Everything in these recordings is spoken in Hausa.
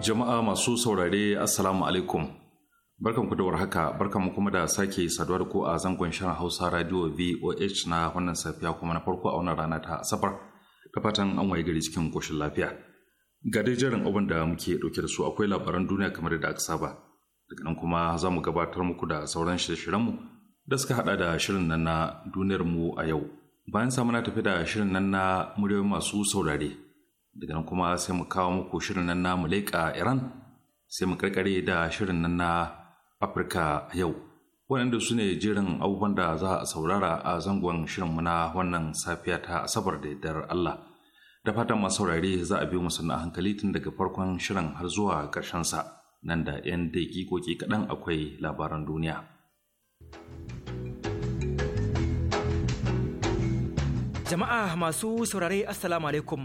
Jama'a masu saurare Assalamu alaikum. Barkan ku da warhaka, barkan mu kuma da sake saduwa da ku a zangon shirin Hausa Radio VOH na wannan safiya kuma na farko a wannan rana ta Asabar. Da fatan an waye gari cikin koshin lafiya. Ga dai jerin abin da muke dauke da su akwai labaran duniya kamar da aka saba. Daga nan kuma za mu gabatar muku da sauran shirye mu da suka hada da shirin nan na duniyar mu a yau. Bayan samuna tafi da shirin nan na muryoyin masu saurare. daga nan kuma sai mu kawo muku shirin nan na muleka iran sai mu karkare da shirin nan na afirka yau waɗanda su ne jirin abubuwan da za a saurara a zangon shirinmu na wannan safiya ta asabar da yardar allah da fatan masu saurari za a biyo musu na hankali tun daga farkon shirin har zuwa karshen sa nan da 'yan daƙiƙoƙi kaɗan akwai labaran duniya. Jama'a masu saurare Assalamu alaikum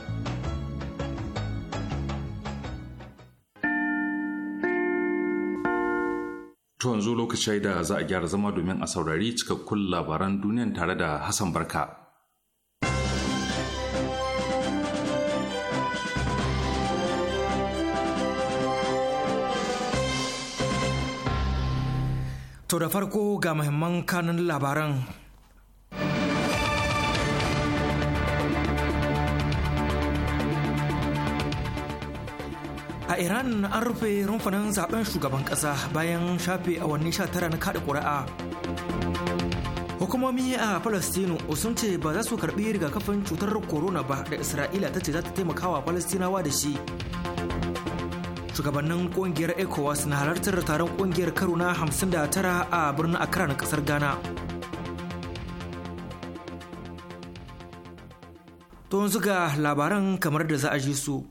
To yanzu lokaci da za a gyara zama domin a saurari cikakkun labaran duniyan tare da Hassan Barka. To da farko ga muhimman kanun labaran a iran an rufe rumfanin zaben shugaban kasa bayan shafe awanni tara na kada ƙuri'a hukumomi a Falastinu sun ce ba za su karbi rigakafin cutar corona ba da isra'ila ta ce za ta taimakawa palestinawa da shi shugabannin kungiyar ecowas na halartar taron kungiyar karo na tara a birnin accra na kasar ghana to yanzu labaran kamar da za a ji su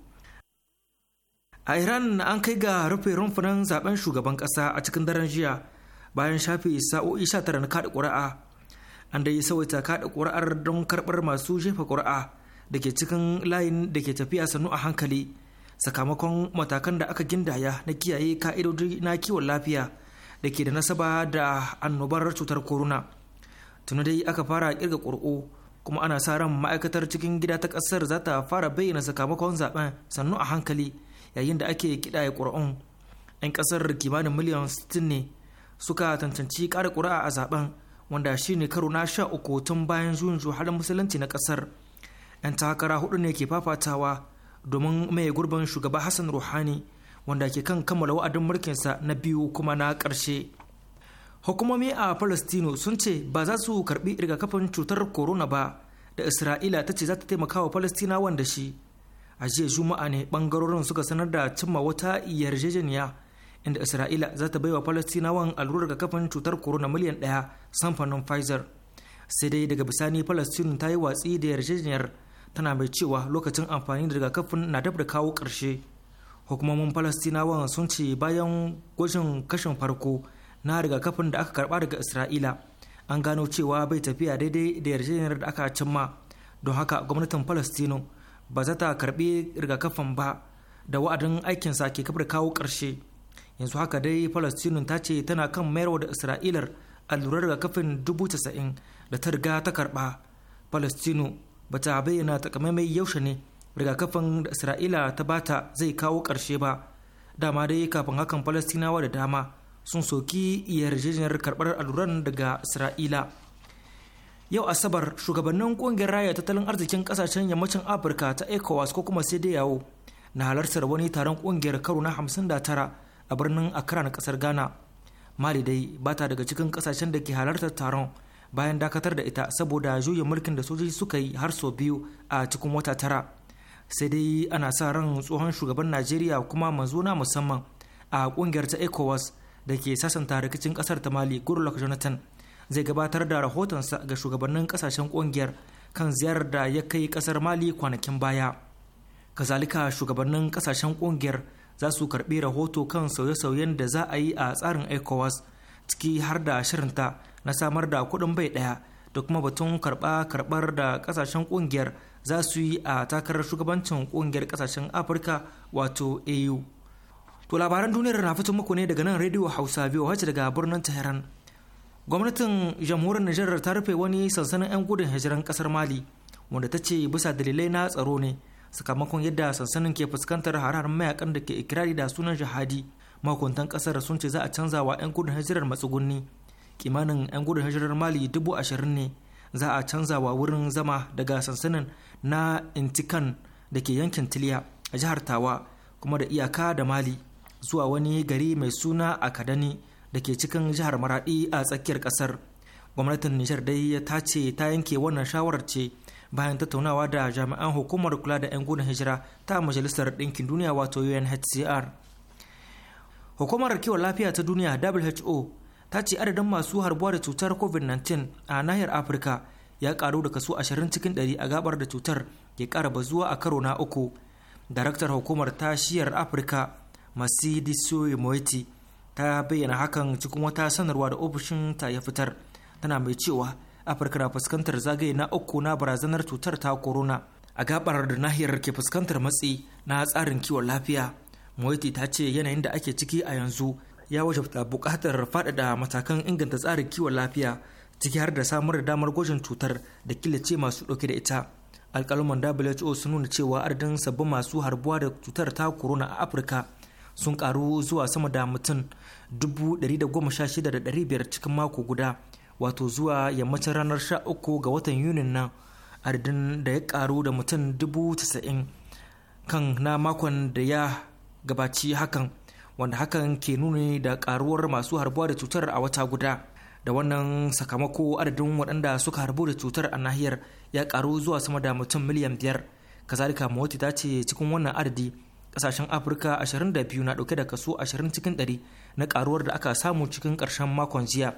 a iran an kai ga rufe rumfunan zaben shugaban kasa a cikin daren jiya bayan shafe sa'o'i 19 na kada ƙuri'a an da yi sawaita kada ƙuri'ar don karɓar masu jefa ƙuri'a da ke cikin layin da ke tafiya sannu a hankali sakamakon matakan da aka gindaya na kiyaye ka'idodi na kiwon lafiya da ke da nasaba da annobar cutar corona tuni dai aka fara kirga kuri'u kuma ana sa ran ma'aikatar cikin gida ta ƙasar za ta fara bayyana sakamakon zaben sannu a hankali yayin da ake kiɗaya ƙuri'un 'yan ƙasar kimanin miliyan 60 ne suka tantanci ƙara ƙuri'a a zaben wanda shi ne karo na sha uku tun bayan zuwan halin musulunci na ƙasar 'yan takara hudu ne ke fafatawa domin mai gurbin shugaba hassan ruhani wanda ke kan kammala wa'adin mulkinsa na biyu kuma na ƙarshe hukumomi a palestino sun ce ba za su karbi rigakafin cutar corona ba da isra'ila ta ce za ta taimaka wa palestina da shi a jiya juma'a ne bangarorin suka sanar da cimma wata yarjejeniya inda isra'ila za ta baiwa falastinawan allurar kafin cutar corona miliyan ɗaya samfanin pfizer sai dai daga bisani palestine ta yi watsi da yarjejeniyar tana mai cewa lokacin amfani da rigakafin na dab da kawo ƙarshe hukumomin palestinawan sun ce bayan gwajin kashin farko na rigakafin da aka karba daga isra'ila an gano cewa bai tafiya daidai da yarjejeniyar da aka cimma don haka gwamnatin falastinu ba za ta karbi rigakafin ba da wa'adin aikinsa ke kafar kawo ƙarshe yanzu haka dai palestinun ta ce tana kan mayar da isra'ilar allurar rigakafin dubu casa'in da ta riga ta karba palestino ba ta bayyana takamaimai yaushe ne rigakafin da isra'ila ta bata zai kawo ƙarshe ba dama dai kafin hakan palestinawa da dama sun soki yarjejeniyar karɓar alluran daga isra'ila yau asabar shugabannin kungiyar raya tattalin arzikin kasashen yammacin afirka ta ecowas ko kuma sai yawo na halartar wani taron kungiyar karo na 59 a birnin accra na kasar ghana mali dai ba ta daga cikin kasashen da ke halartar taron bayan dakatar da ita saboda juya mulkin da sojoji suka yi har sau biyu a cikin wata tara sai dai ana sa ran tsohon shugaban najeriya kuma na musamman a kungiyar ta ecowas da ke sasanta rikicin kasar ta mali goodluck jonathan zai gabatar da rahotonsa ga shugabannin kasashen kungiyar kan ziyarar da ya kai kasar mali kwanakin baya kazalika shugabannin kasashen kungiyar za su karbi rahoto kan sauye-sauyen da za a yi a tsarin ecowas ciki har da shirinta na samar da kuɗin bai ɗaya da kuma batun karɓa karɓar da kasashen kungiyar za su yi a takarar shugabancin kungiyar kasashen afirka wato au to labaran duniyar na fito muku ne daga nan radio hausa biyu wacce daga birnin tehran gwamnatin jamhuriyar nijar ta rufe wani sansanin 'yan gudun hijiran kasar mali wanda ta ce bisa dalilai na tsaro ne sakamakon yadda sansanin ke fuskantar harar mayakan da ke ikirari da sunan jihadi makuntan kasar sun ce za a canza wa 'yan gudun hijirar matsugunni kimanin 'yan gudun hijirar mali dubu ashirin ne za a canza wa wurin zama daga sansanin na intikan da ke yankin tiliya a jihar tawa kuma da iyaka da mali zuwa wani gari mai suna a kadani. da ke cikin jihar maradi a tsakiyar kasar gwamnatin nijar dai ta ce ta yanke wannan shawarar ce bayan tattaunawa da jami'an hukumar kula da 'yan gudun hijira ta majalisar ɗinkin duniya wato unhcr hukumar kiwon lafiya ta duniya who ta ce adadin masu harbuwa da cutar covid-19 a nahiyar afirka ya karu da kaso 20 cikin 100 a gabar da cutar ke kara bazuwa a karo na uku daraktar hukumar tashiyar afirka masidi soye moiti ta bayyana hakan cikin wata sanarwa da ofishin ta ya fitar tana mai cewa afirka na fuskantar zagaye na uku na barazanar cutar ta corona a gabar da nahiyar ke fuskantar matsi na tsarin kiwon lafiya moiti ta ce yanayin da ake ciki a yanzu ya wajabta buƙatar faɗaɗa matakan inganta tsarin kiwon lafiya ciki har da samar da damar gwajin cutar da killace masu ɗauke da ita alƙaluman who sun nuna cewa adadin sabbin masu harbuwa da cutar ta corona a afirka sun karu zuwa sama da mutum 16500 cikin mako guda wato zuwa yammacin ranar 13 ga watan yunin nan adadin da ya karu da mutum 90,000 kan na makon da ya gabaci hakan wanda hakan ke nuni da karuwar masu harbuwa da cutar a wata guda da wannan sakamako adadin waɗanda suka harbu da cutar a nahiyar ya karu zuwa sama da mutum miliyan biyar kazalika mawati ta ce cikin wannan adadi kasashen afirka 22 na dauke da kaso 20 cikin 100 na karuwar da aka samu cikin karshen makon jiya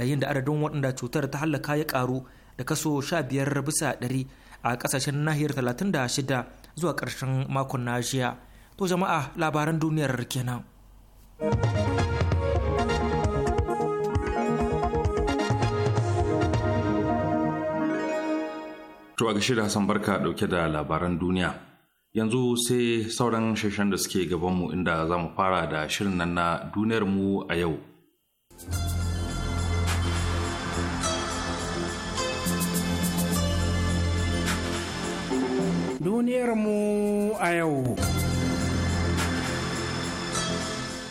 yayin da adadin waɗanda cutar ta hallaka ya karu da kaso 15 bisa 100 a kasashen nahiyar 36 zuwa karshen makon na jiya to jama'a labaran duniyar kenan To a gashi da Hassan Barka dauke da labaran duniya. yanzu sai sauran shashen da suke gabanmu inda za mu fara da shirin nan na duniyarmu a yau duniyarmu a yau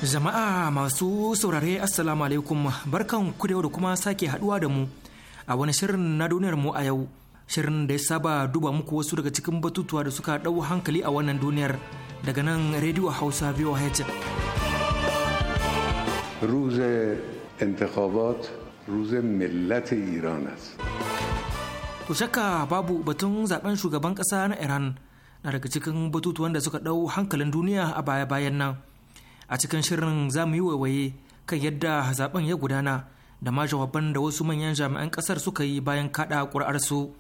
Jama'a masu saurare Assalamu alaikum barkan ku da kuma sake haduwa da mu a wani shirin na duniyar mu a yau shirin da ya saba duba muku wasu daga cikin batutuwa da suka ɗau hankali a wannan duniyar daga nan rediyo hausa biyu روز ruze روز ruze millati است To shakka babu batun zaben shugaban kasa na Iran na daga cikin batutuwan da suka ɗau hankalin duniya a baya-bayan nan. A cikin shirin za mu yi waiwaye kan yadda zaben ya gudana da ma jawaban da wasu manyan jami'an kasar suka yi bayan kaɗa ƙuri'arsu.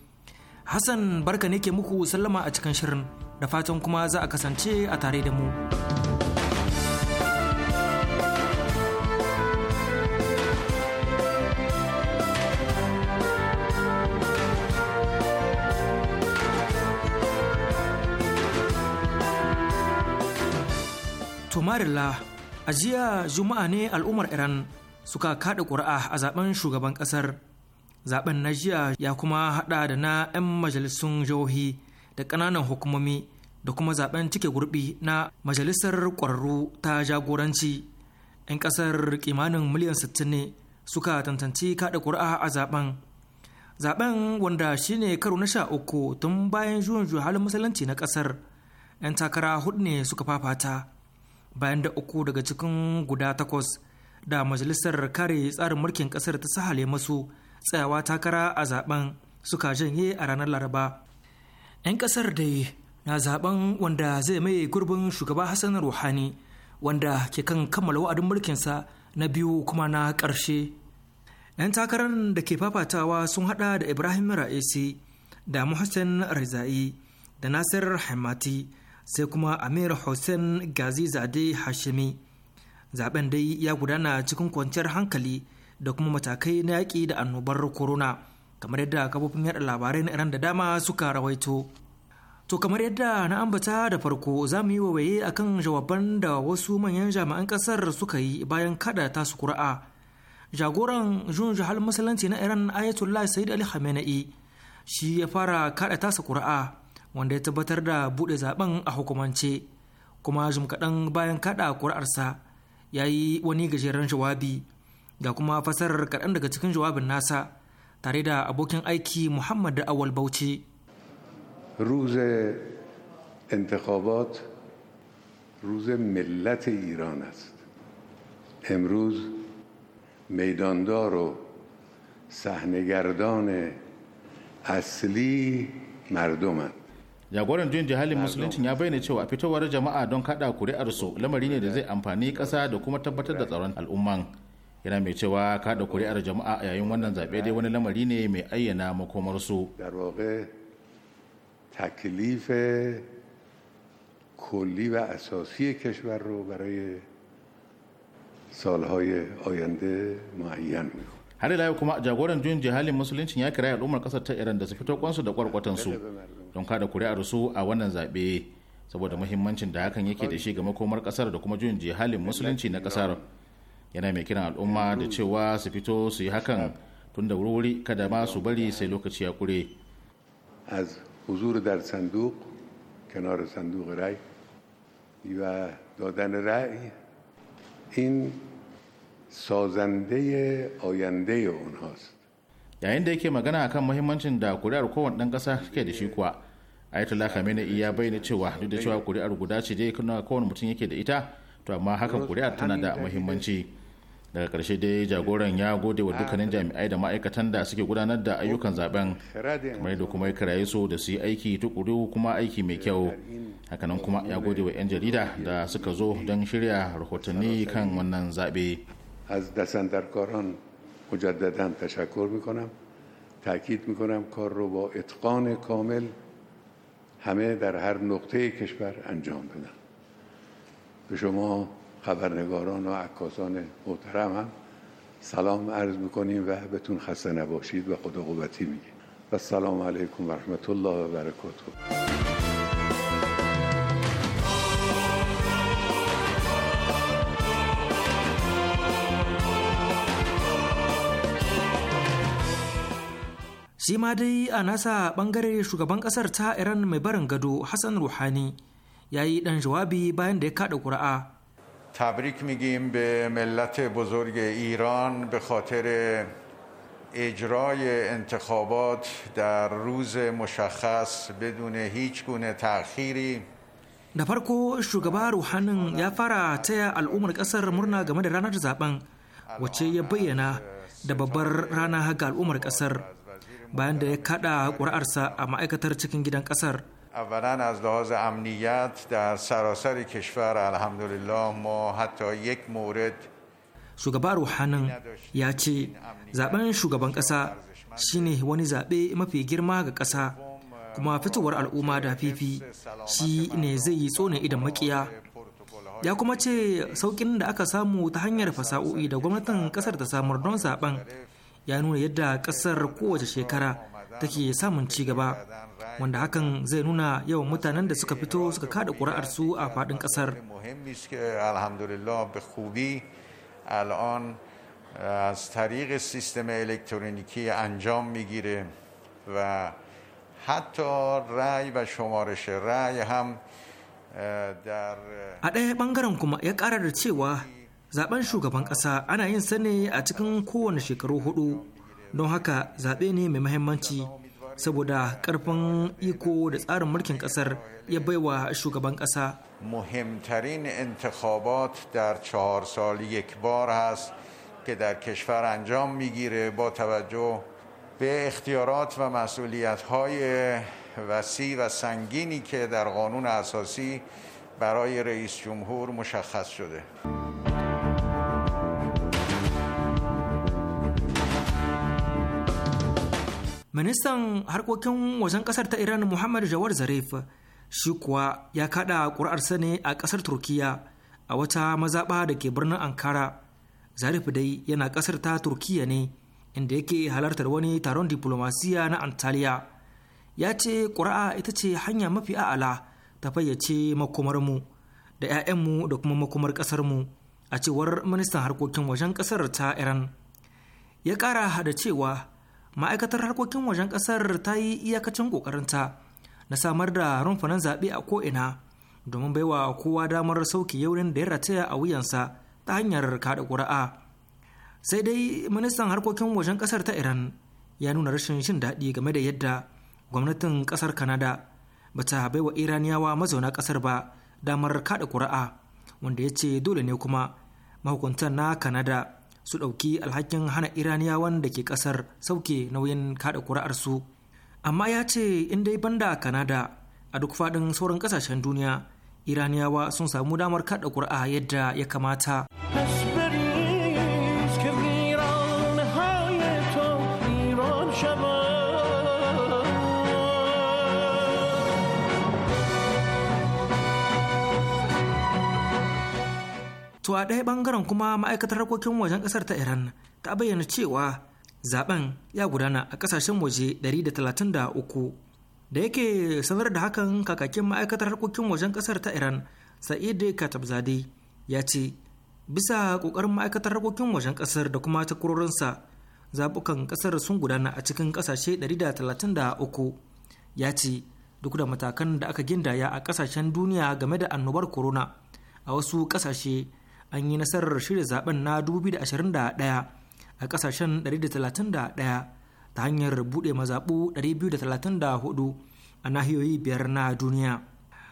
Hassan barka ne ke muku sallama a cikin shirin da fatan kuma za a kasance a tare da mu. Tomarilla, a jiya Juma'a ne al'ummar Iran suka kaɗa ƙuri'a a zaben shugaban ƙasar zaben na jiya ya kuma hada da na 'yan majalisun jihohi da ƙananan hukumomi da kuma zaben cike gurbi na majalisar ƙwararru ta jagoranci 'yan ƙasar kimanin miliyan 60 ne suka tantanci kaɗa ƙuri'a a zaben zaben wanda shine karo na sha uku tun bayan juyin halin musulunci na ƙasar 'yan takara hudu ne suka fafata bayan da uku daga cikin guda takwas da majalisar kare tsarin mulkin ƙasar ta sahale masu tsayawa takara a zaben suka janye a ranar laraba 'yan kasar dai na zaben wanda zai mai gurbin shugaba hassan ruhani wanda ke kan kammala wa'adin mulkinsa na biyu kuma na ƙarshe 'yan takarar da ke fafatawa sun hada da ibrahim ra'isi da muhassan rizai da nasir hamati sai kuma amir hussein gazi zade hashimi zaben dai ya gudana cikin kwanciyar hankali da kuma matakai na yaƙi da annobar corona kamar yadda kafofin yaɗa labarai na iran da dama suka rawaito To kamar yadda na ambata da farko za mu yi wawaye a kan jawaban da wasu manyan jami'an ƙasar suka yi bayan kada su kura'a. Jagoran jun jihar musulunci na Iran Ayatollah Said Ali Khamenei shi ya fara kada tasa kura'a wanda ya tabbatar da buɗe zaben a hukumance. Kuma jim kaɗan bayan kada kura'arsa ya yi wani gajeren jawabi ga kuma fasarar kaɗan daga cikin jawabin nasa tare da abokin aiki muhammad da awal bauchi روز انتخابات روز ملت ایران است امروز میداندار و صحنهگردان اصلی مردمند jagoran juyin jihalin musuluncin ya bayyana cewa fitowar jama'a don kada kuri'arsu lamari ne da zai amfani ƙasa da kuma tabbatar da tsaron al'umman yana mai cewa kada kuri'ar jama'a yayin wannan zaɓe dai wani lamari ne mai ayyana makomarsu har ila kuma jagoran juyin jihalin musuluncin ya kira al'ummar kasar ta iran da su fito kwansu da kwarkwatansu don kada kuri'ar su a wannan zaɓe saboda muhimmancin da hakan yake da shi ga makomar kasar da kuma juyin jihalin musulunci na kasar yana mai kiran al'umma da cewa su fito su yi hakan tun da wuri kada ma su bari sai lokaci ya kure yayin da yake magana akan muhimmancin da kuri'ar kowane ɗan ƙasa ke da shi kuwa ayatollah khamenei ya bayyana cewa duk da cewa kuri'ar guda ce dai kowane mutum yake da ita to amma hakan kuri'ar tana da muhimmanci daga karshe dai jagoran ya gode wa dukkanin jami'ai da ma'aikatan da suke gudanar da ayyukan zaben kamar da kuma ya kiraye su da su yi aiki tukuru kuma aiki mai kyau hakanan kuma ya gode wa 'yan jarida da suka zo don shirya rahotanni kan wannan zaɓe. از دستندرکاران مجددا tashakkur mikonam ta'kid میکنم کار رو با اتقان کامل همه در هر نقطه کشور انجام بدن به شما خبرنگاران و عکاسان محترم هم سلام عرض میکنیم و بهتون خسته نباشید و خدا قوتی میگه و سلام علیکم و رحمت الله و برکاته Sima dai a nasa bangare shugaban kasar ta iran mai barin gado hassan Rouhani ya yi dan jawabi bayan da ya kada kura'a تبریک میگیم به ملت بزرگ ایران به خاطر اجرای انتخابات در روز مشخص بدون هیچ گونه تأخیری نفر کو شگبار و حنن یا فرا تایا الامر اصر مرنا گمد رانا زبن و چه یا بینا دب بر رانا هگال امر اصر با انده کادا اما ایکتر چکنگیدن اثر. اولا از لحاظ امنیت در سراسر کشور الحمدلله ما حتی یک مورد shugaba ruhanan ya ce zaben shugaban ƙasa shine wani zaɓe mafi girma ga ƙasa kuma fitowar al'umma da fifi shi ne zai yi tsone idan makiya ya kuma ce saukin da aka samu ta hanyar fasa'o'i da gwamnatin ƙasar ta samar don zaben ya nuna yadda ƙasar kowace shekara take samun ci gaba wanda hakan zai nuna yawan mutanen da suka fito suka kada ƙuri'arsu a faɗin ƙasar از طریق سیستم الکترونیکی a ɗaya ɓangaren kuma ya ƙara da cewa zaben shugaban ƙasa ana yin sa a cikin kowane shekaru hudu don haka zaɓe سبوده، mai mahimmanci saboda ƙarfin iko da tsarin mulkin ƙasar ya انتخابات در چهار سال یک بار هست که در کشور انجام میگیره با توجه به اختیارات و مسئولیت های وسیع و سنگینی که در قانون اساسی برای رئیس جمهور مشخص شده. ministan harkokin wajen kasar ta iran muhammad jawar zarif shi kuwa ya kaɗa ƙuri'arsa ne a ƙasar Turkiyya a wata mazaɓa da ke birnin ankara zarif dai yana ƙasar ta Turkiyya ne inda yake halartar wani taron diplomasiya na antalya ya ce ƙuri'a ita ce hanya mafi a'ala ta fayyace makomarmu da 'ya'yanmu da kuma makomar ƙasarmu a cewar ministan harkokin wajen ƙasar ta iran ya ƙara da cewa ma'aikatar harkokin wajen kasar ta yi iyakacin ƙoƙarinta na samar da rumfunan zaɓe a ko'ina domin baiwa kowa damar sauki yaurin da ya rataya a wuyansa ta hanyar kaɗa ƙuri'a sai dai ministan harkokin wajen kasar ta iran ya nuna rashin shin daɗi game da yadda gwamnatin kasar kanada ba ta baiwa iraniyawa mazauna kasar ba damar kaɗa ƙuri'a wanda ya ce dole ne kuma mahukuntan na kanada su ɗauki alhakin hana iraniyawan da ke ƙasar sauke nauyin kada kuri'arsu amma ya ce in dai banda kanada a duk faɗin sauran ƙasashen duniya iraniyawa sun samu damar kaɗa kuri'a yadda ya kamata. To a ɗaya ɓangaren kuma ma'aikatar harkokin wajen ƙasar ta Iran ta bayyana cewa zaben ya gudana a ƙasashen waje 133 da yake sanar da hakan kakakin ma'aikatar harkokin wajen ƙasar ta Iran Sa'id Katabzade ya ce bisa ƙoƙarin ma'aikatar harkokin wajen ƙasar da kuma takwarorinsa zaɓukan ƙasar sun gudana a cikin ƙasashe 133 ya ce duk da matakan da aka gindaya a ƙasashen duniya game da annobar corona a wasu ƙasashe an yi nasarar shirya zaben na 2021 a kasashen 131 ta hanyar buɗe mazaɓu 234 a nahiyoyi biyar na duniya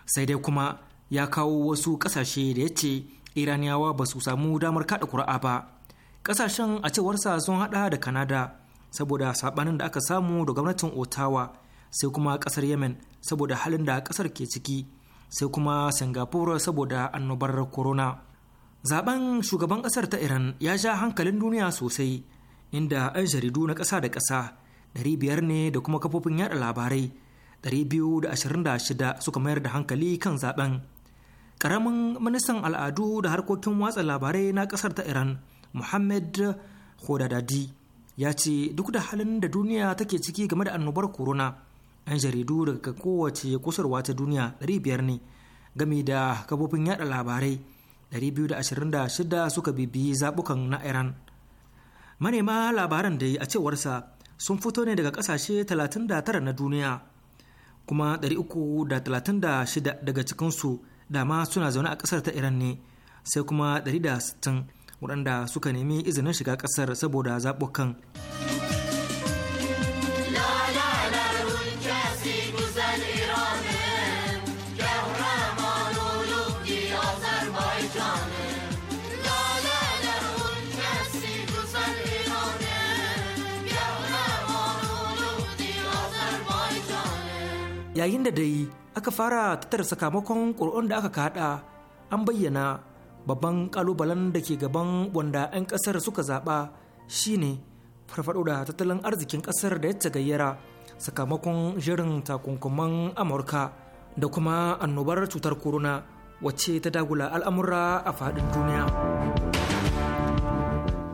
sai dai kuma ya kawo wasu kasashe da ya ce iraniyawa ba su samu damar kaɗa ƙura'a ba kasashen a cewarsa sun haɗa da kanada saboda sabanin da aka samu da gwamnatin otawa sai kuma ƙasar yemen saboda halin da ƙasar ke ciki sai kuma singapore saboda annobar corona zaben shugaban kasar ta iran ya ja hankalin duniya sosai inda 'yan jaridu na ƙasa da ƙasa 500 ne da kuma kafofin yada labarai 226 suka mayar da hankali kan zaben ƙaramin ministan al'adu da harkokin watsa labarai na ƙasar ta iran muhammad khodadadi ya ce duk da halin da duniya take ciki game da annobar corona 'yan jaridu daga kowace kusurwa ta duniya 500 ne game da kafofin yada labarai 226 suka bibiyi zabukan na iran manema labaran da a cewarsa sun fito ne daga kasashe 39 na duniya kuma 336 daga cikinsu dama suna zaune a kasar ta iran ne sai kuma 160 waɗanda suka nemi izinin shiga kasar saboda zaɓukan. yayin da dai aka fara tattara sakamakon ƙuri'un da aka kaɗa an bayyana babban ƙalubalen da ke gaban wanda 'yan ƙasar suka zaɓa shine farfaɗo da tattalin arzikin ƙasar da ya tagayyara sakamakon shirin takunkuman amurka da kuma annobar cutar corona wacce ta dagula al'amura a faɗin duniya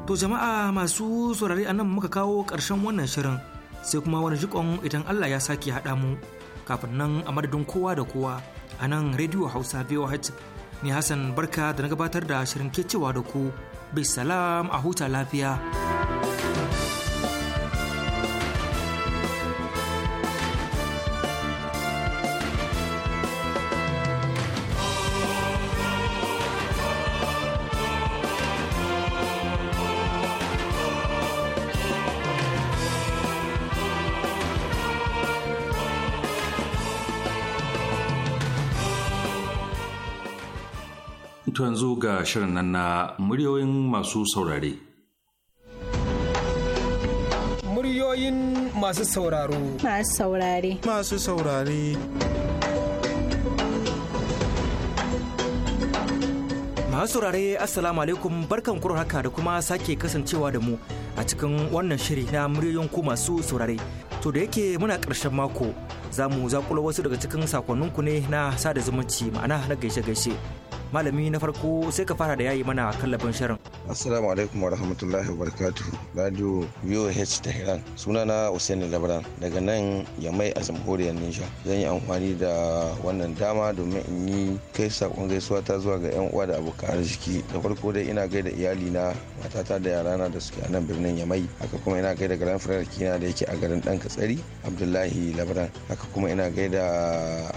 to jama'a masu saurari a nan muka kawo ƙarshen wannan shirin sai kuma wani jikon idan allah ya sake haɗa mu kafin nan a madadin kowa da kowa a nan rediyo hausa voh ni hassan barka da na gabatar da shirin ke cewa da ku bisalam a huta lafiya. da shirin nan na muryoyin masu saurare. Muryoyin masu sauraro. Masu saurare. Masu saurare. Masu saurare Assalamu alaikum barkan kuro haka da kuma sake kasancewa da mu a cikin wannan shiri na muryoyin ku masu saurare. To da yake muna ƙarshen mako za mu zakulo wasu daga cikin sakonninku ne na sada zumunci ma'ana na gaishe-gaishe. malami na farko sai ka fara da yayi mana kallafin shirin assalamu alaikum wa rahmatullahi wa barakatuh radio voh tehran sunana usaini labran daga nan yamai a jamhuriyar nisha zan yi amfani da wannan dama domin in yi kai sakon gaisuwa ta zuwa ga yan uwa da abokan arziki da farko dai ina gaida iyali na matata da yara na da suke a nan birnin yamai haka kuma ina gaida garan firar kina da yake a garin dan katsari abdullahi labran haka kuma ina gaida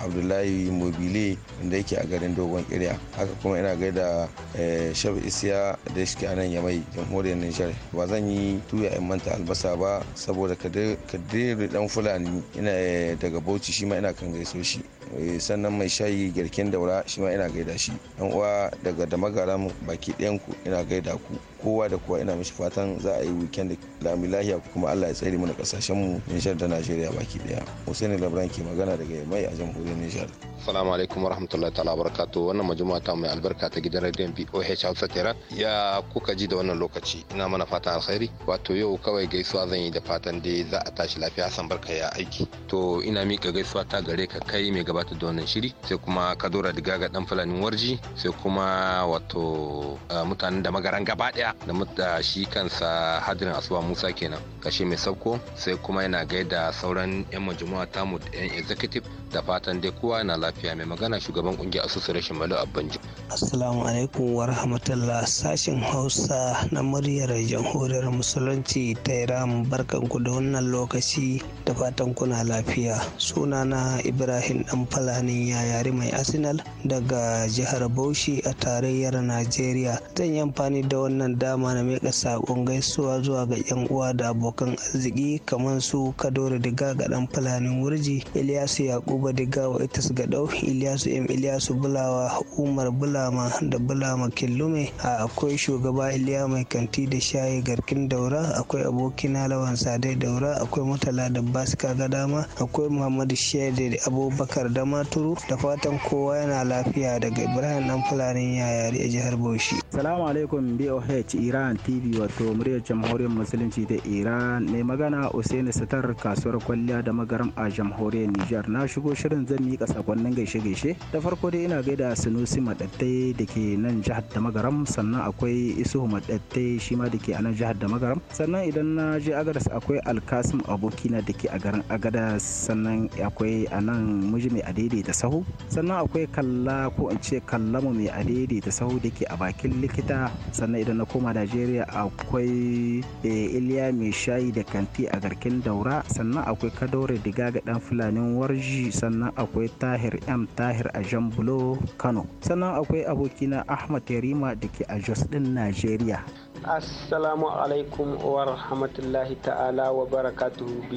abdullahi mobile da yake a garin dogon kirya haka kuma ina gaida eh, shabu isiya da shi a nan ya mai jamhuriyar nijar ba zan yi tuya in manta albasa ba saboda kadiri dan fulani eh, daga bauchi shi ma ina kan gaiso shi Eh, sannan mai shayi girkin daura shi ma ina gaida shi yan uwa daga da magaram baki ɗayan ku ina gaida ku kowa da kowa ina mishi fatan za a yi weekend lami lahiya kuma Allah ya tsare mana kasashen mu Nijar da Najeriya baki ɗaya Hussein Labran ke magana daga mai a jamhuriyar Nijar Assalamu alaikum warahmatullahi ta'ala barakatuh wannan majuma ta mai albarka ta gidan Radio BOH Hausa Tehran ya kuka ji da wannan lokaci ina mana fatan alkhairi wato yau kawai gaisuwa zan yi da fatan dai za a tashi lafiya san barka ya aiki to ina mika gaisuwa ta gare ka kai mai gabatar da wannan shiri sai kuma kadora diga ga dan fulanin warji sai kuma wato eh, mutanen da magaran gaba daya da shi kansa hadirin asuba musa kenan kashe mai sauko sai kuma yana gaida sauran yan majmu'a tamu da yan executive da fatan dai kowa na lafiya mai magana shugaban kungiyar rashin malu abbanji assalamu alaikum wa rahmatullah sashin hausa na muryar jamhuriyar musulunci ta iran barkanku da wannan lokaci da fatan kuna lafiya sunana ibrahim dan fulanin yayari mai arsenal daga jihar bauchi a tarayyar najeriya zan yi amfani da wannan dama na mika saƙon gaisuwa zuwa ga yan uwa da abokan arziki kamar su kadore diga ga ɗan fulanin wurji iliyasu yakuba diga wa itas gadau iliyasu m iliyasu bulawa umar bulama da bulama killume akwai shugaba iliya mai kanti da shayi garkin daura akwai abokina lawan sadai daura akwai mutala da basika, gadama akwai muhammadu shaida abubakar da maturu da fatan kowa yana lafiya daga ibrahim dan fulani yayari a jihar bauchi salamu alaikum boh iran tv wato muryar jamhuriyar musulunci da iran mai magana usaini sitar kasuwar kwalliya da magaram a jamhuriyar nijar na shigo shirin zan mika sakonnin gaishe gaishe da farko dai ina gaida sunusi madattai da ke nan jihar da magaram sannan akwai isuhu madattai shi ma da ke a nan jihar da magaram sannan idan na je agadas akwai alkasim abokina da ke a garin agadas sannan akwai a nan miji a daidaita sahu sannan akwai kalla ko in ce kallamu mai a daidaita sahu da ke a bakin likita sannan idan na koma najeriya akwai eh, iliya mai shayi da kanti a garkin daura sannan akwai kadore diga ga dan fulanin warji sannan akwai tahir m tahir a bulo kano sannan akwai abokina ahmad yarima da ke a jos din najeriya assalamu alaikum wa rahmatullahi ta'ala wa barakatuhu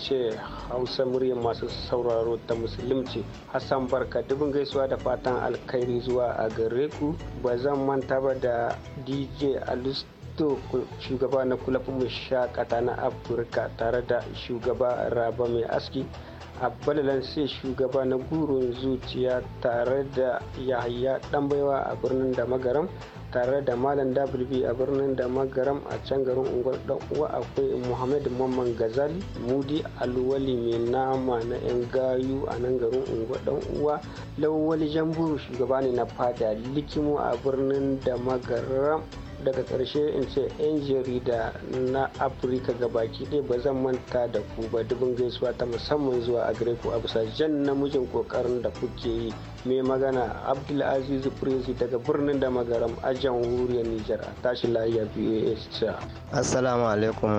ce hausa muryar masu sauraro ta musulunci hassan barka dubin gaisuwa da fatan alkhairi zuwa a gare ku ba zan manta ba da dj Alisto shugaba na kulafin mu shakata na afirka tare da shugaba raba mai aski abbalalan sai shugaba na gurun zuciya tare da yahaya dan baiwa a birnin da magaram tare da malam wb a birnin da magaram a can garin unguwar dan uwa akwai muhammad mamman gazali mudi alwali mai nama na yan gayu a nan garin unguwar dan uwa lawali jamburu shugaba ne na fada likimo a birnin da magaram daga ƙarshe in ce 'yan jarida na afirka gabaki ɗaya ba zan manta da ku ba dubin gaisuwa ta musamman zuwa a gare ku a bisa jan namijin kokarin da kuke yi mai magana abdulaziz prezi daga birnin da magaram a jamhuriyar nijar a tashi lahiya bas assalamu alaikum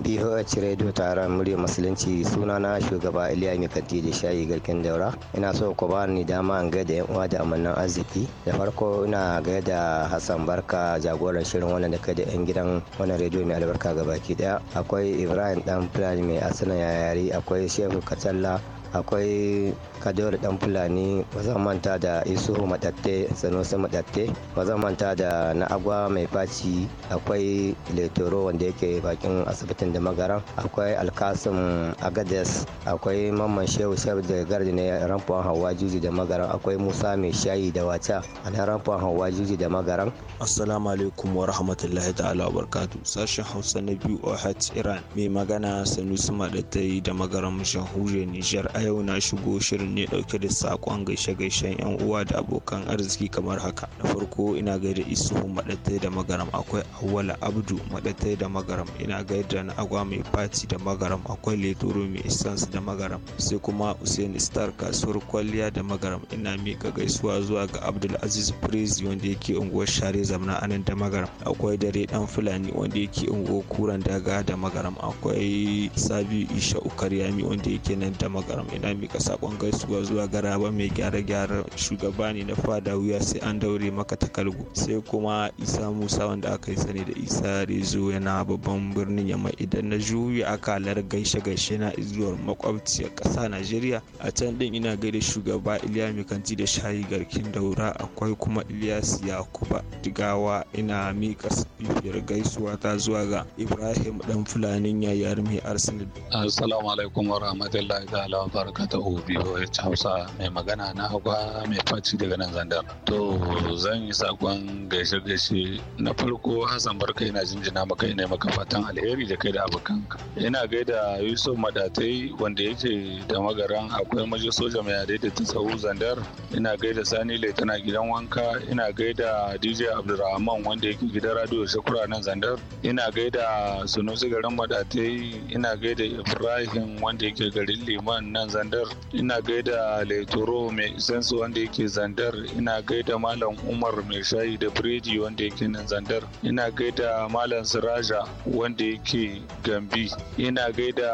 boh radio tare murya musulunci suna na shugaba iliya mai da shayi garkin daura ina so ku ba ni dama in gaida yan uwa da amannan arziki da farko ina gaida hassan barka jagoran shirin wannan da kai da yan gidan wannan rediyo mai albarka gabaki daya akwai ibrahim dan fulani mai asana yayari akwai shehu katsalla akwai kadawar dan fulani ba manta da Isu madatte sanusi madatte ba manta da na agwa mai faci akwai letoro wanda yake bakin asibitin da magara akwai alkasim agades akwai mamman shehu shehu da gardi na rampon hawa juji da magaran akwai musa mai shayi da wata a na rampon hawa juji da magaran assalamu alaikum wa rahmatullahi ta'ala wa barkatu sashen hausa na biyu ohat iran mai magana sanusi madatte da magaran mashahuriyar nijar a yau na shigo shirin ne dauke da sakon gaishe-gaishen yan uwa da abokan arziki kamar haka na farko ina gaida isuhu madatai da magaram akwai awwala abdu madatai da magaram ina gaida na agwa mai fati da magaram akwai leturo mai essence da magaram sai kuma usain star kasuwar kwalliya da magaram ina mika gaisuwa zuwa ga abdul aziz prezi wanda yake unguwar share zamna anan da magaram akwai dare dan fulani wanda yake unguwar kuran daga da magaram akwai sabiu isha ukaryami wanda yake nan da magaram ina mika sakon gaisuwa zuwa garaba mai gyare gyare shugaba ne na fada wuya sai an daure maka takalgu sai kuma isa musa wanda aka yi sani da isa rezo yana babban birnin yamma idan na juya akalar gaishe gaishe na izuwar makwabciyar ƙasa najeriya a can din ina gaida shugaba iliya mikanti da shayi garkin daura akwai kuma ilyas yakuba digawa ina mika bibiyar gaisuwa ta zuwa ga ibrahim dan fulanin yayar mai arsenal assalamu alaikum wa rahmatullahi ta'ala wa barakata OBOH Hausa mai magana na agwa mai faci daga nan zandar. To zan yi sakon gaishe-gaishe na farko Hassan Barka yana jinjina maka ina maka fatan alheri da kai da abokanka. Ina gaida Yusuf Madatai wanda yake da magaran akwai maji soja mai adai ta tsawo zandar. Ina gaida Sani Laitana gidan wanka. Ina gaida DJ Abdulrahman wanda yake gidan radio Shakura nan zandar. Ina gaida Sunusi garin Madatai. Ina gaida Ibrahim wanda yake garin Liman nan zandar ina gaida laitoro mai isansu wanda yake zandar ina gaida malam umar mai shayi da biredi wanda yake nan zandar ina gaida malam siraja wanda yake gambi ina gaida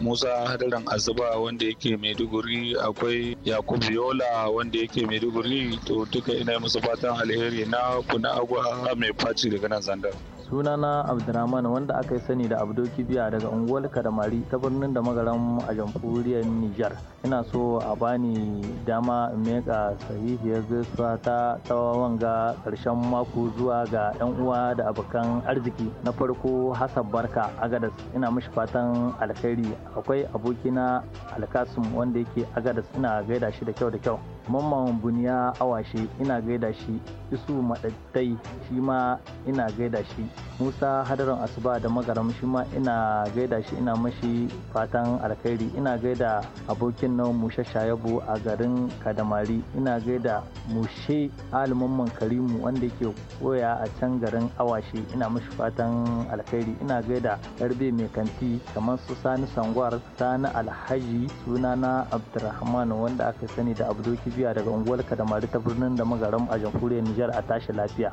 musa hadarin azuba wanda yake maiduguri akwai yakubu yola wanda yake maiduguri to duka ina musu fatan alheri na kuna agwa mai faci daga nan zandar sunana abdurrahman wanda aka yi sani da abdo kibiya daga unguwar kadamari ta birnin da magaran a jamhuriyar niger ina so a bani dama in meka sahihiyar gaisuwa ta tsawon ga karshen mako zuwa ga yan uwa da abokan arziki na farko hassan barka agadas ina mishi fatan alkhairi akwai abokina alkasum wanda yake agadas ina gaida shi da kyau da kyau mamman buniya awashe ina gaida shi isu madattai shi ma ina gaida shi musa hadarin asuba da magaram shi ma ina gaida shi ina mashi fatan alkhairi ina gaida abokin nan mushe shayabu a garin kadamari ina gaida mushe aliman karimu wanda yake koya a can garin awashi ina mashi fatan alkhairi ina gaida yarbe mai kanti kamar su sani sangwar sani alhaji sunana abdurrahman wanda aka sani da abdo kibiya daga unguwar kadamari ta birnin da magaram a jamhuriyar nijar a tashi lafiya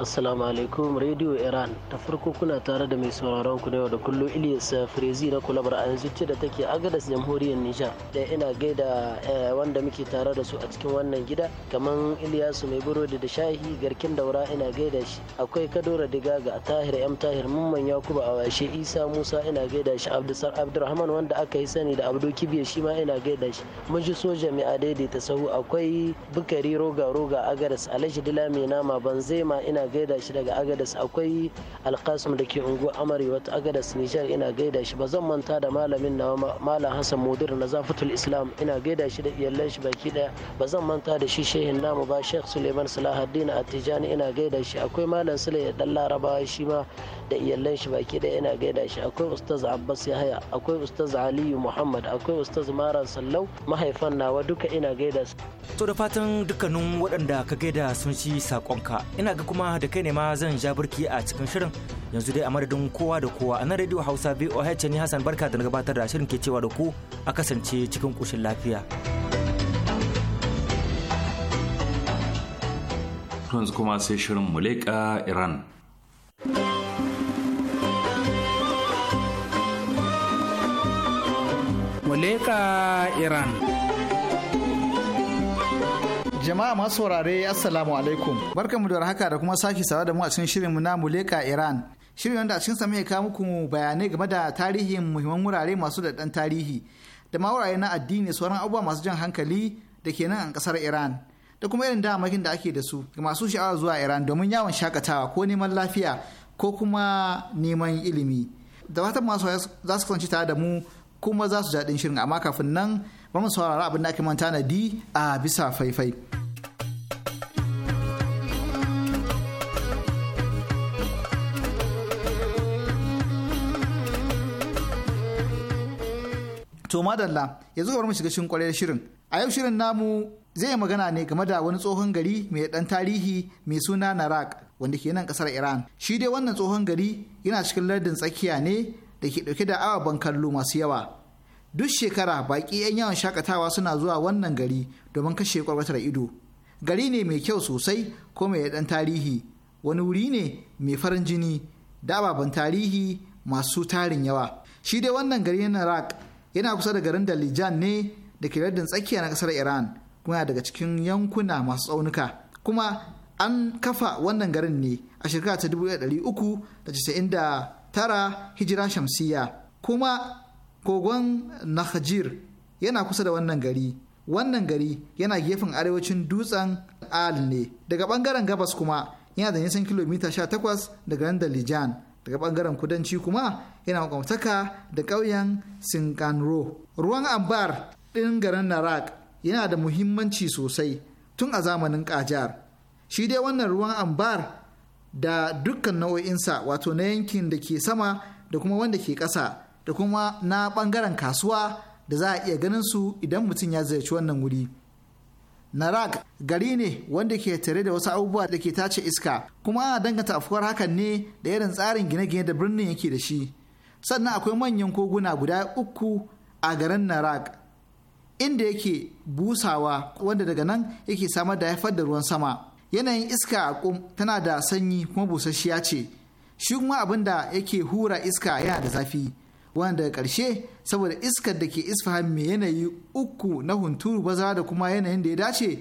assalamu alaikum radio iran ta farko kuna tare da mai sauraron ku yau da kullum ilyas frezi na kulabar a yanzu ce da take agadas jamhuriyar nijar da ina gaida eh, wanda muke tare da su a cikin wannan gida kamar ilyasu mai burodi da shahi garkin daura ina gaida shi akwai kadora diga ga tahir m tahir mamman yakubu a washe isa musa ina gaida shi abdulrahman wanda aka yi sani da abdul kibiya shi ma ina gaida shi muji soja mai ta sahu akwai bukari roga roga agadas alhaji Dilami mai nama banzema ina gaida shi daga agadas akwai alkasim da ke unguwa amari wata agadas nijar ina gaida shi ba zan manta da malamin na malam hassan mudir na zafatul islam ina gaida shi da iyalan shi baki daya ba zan manta da shi shehin namu ba sheikh suleiman salahaddin tijani ina gaida shi akwai malam sule dan larabawa shi ma da iyalan shi baki daya ina gaida shi akwai ustaz abbas yahaya akwai ustaz aliyu muhammad akwai ustaz maran sallau mahaifan nawa duka ina gaida su to da fatan dukkanin waɗanda ka gaida sun ci sakonka ina ga kuma da kai ne ma zan ja birki a cikin shirin yanzu dai a madadin kowa da kowa a nan radio hausa voh ne hassan barka da na gabatar da shirin ke cewa da ku a kasance cikin kushin lafiya yanzu kuma sai shirin muleka iran muleka iran Jama'a masu saurare Assalamu alaikum. mu da warhaka da kuma sake sawa da mu a cikin shirinmu na Muleka Iran. Shirin wanda a cikin sa muke kawo muku bayanai game da tarihin muhimman wurare masu da dan tarihi da ma wurare na addini sauran abubuwa masu jan hankali da ke nan a kasar Iran. Da kuma irin damakin da ake da su ga masu sha'awar zuwa Iran domin yawon shakatawa ko neman lafiya ko kuma neman ilimi. Da wata masu za su kasance tare da mu kuma za su jaɗin shirin amma kafin nan ba mu saurara abin da ake manta na di a bisa faifai. To madalla yanzu bar mu shiga cikin kwarar shirin. A yau shirin namu zai yi magana ne game da wani tsohon gari mai ɗan tarihi mai suna Narak wanda ke nan ƙasar Iran. Shi dai wannan tsohon gari yana cikin lardin tsakiya ne da ke ɗauke da ababen kallo masu yawa. duk shekara baƙi 'yan yawon shakatawa suna zuwa wannan gari domin kashe kwarwatar ido gari ne mai kyau sosai ko mai ɗan tarihi wani wuri ne mai farin jini da ababen tarihi masu tarin yawa shi dai wannan gari na iraq yana kusa da garin dalijan ne da ke lardin tsakiya na ƙasar iran kuma daga cikin yankuna masu tsaunuka kuma an kafa wannan garin ne a shekara ta 1399 hijira shamsiya kuma kogon nahjir yana kusa da wannan gari wannan gari yana gefen arewacin dutsen al ne daga bangaren gabas kuma yana da nisan kilomita 18 daga nan da lijan daga bangaren kudanci kuma yana makwamtaka da ƙauyen sinkanro ruwan ambar ɗin garin narak yana da muhimmanci sosai tun a zamanin kajar shi dai wannan ruwan ambar da dukkan nau'o'insa wato na yankin da ke sama da kuma wanda ke ƙasa da kuma na ɓangaren kasuwa da za a iya ganin su idan mutum ya ziyarci wannan wuri. Narak gari ne wanda ke tare da wasu abubuwa da ke tace iska kuma ana danganta afkuwar hakan ne da irin tsarin gine-gine da birnin yake da shi. Sannan akwai manyan koguna guda uku a garin Narak inda yake busawa wanda daga nan yake samar da haifar da ruwan sama. Yanayin iska a kum tana da sanyi kuma busasshiya ce. Shi kuma abin da yake hura iska yana da zafi. wanda daga ƙarshe saboda iskar da ke isfahan mai yanayi uku na hunturu bazara da kuma yanayin da ya dace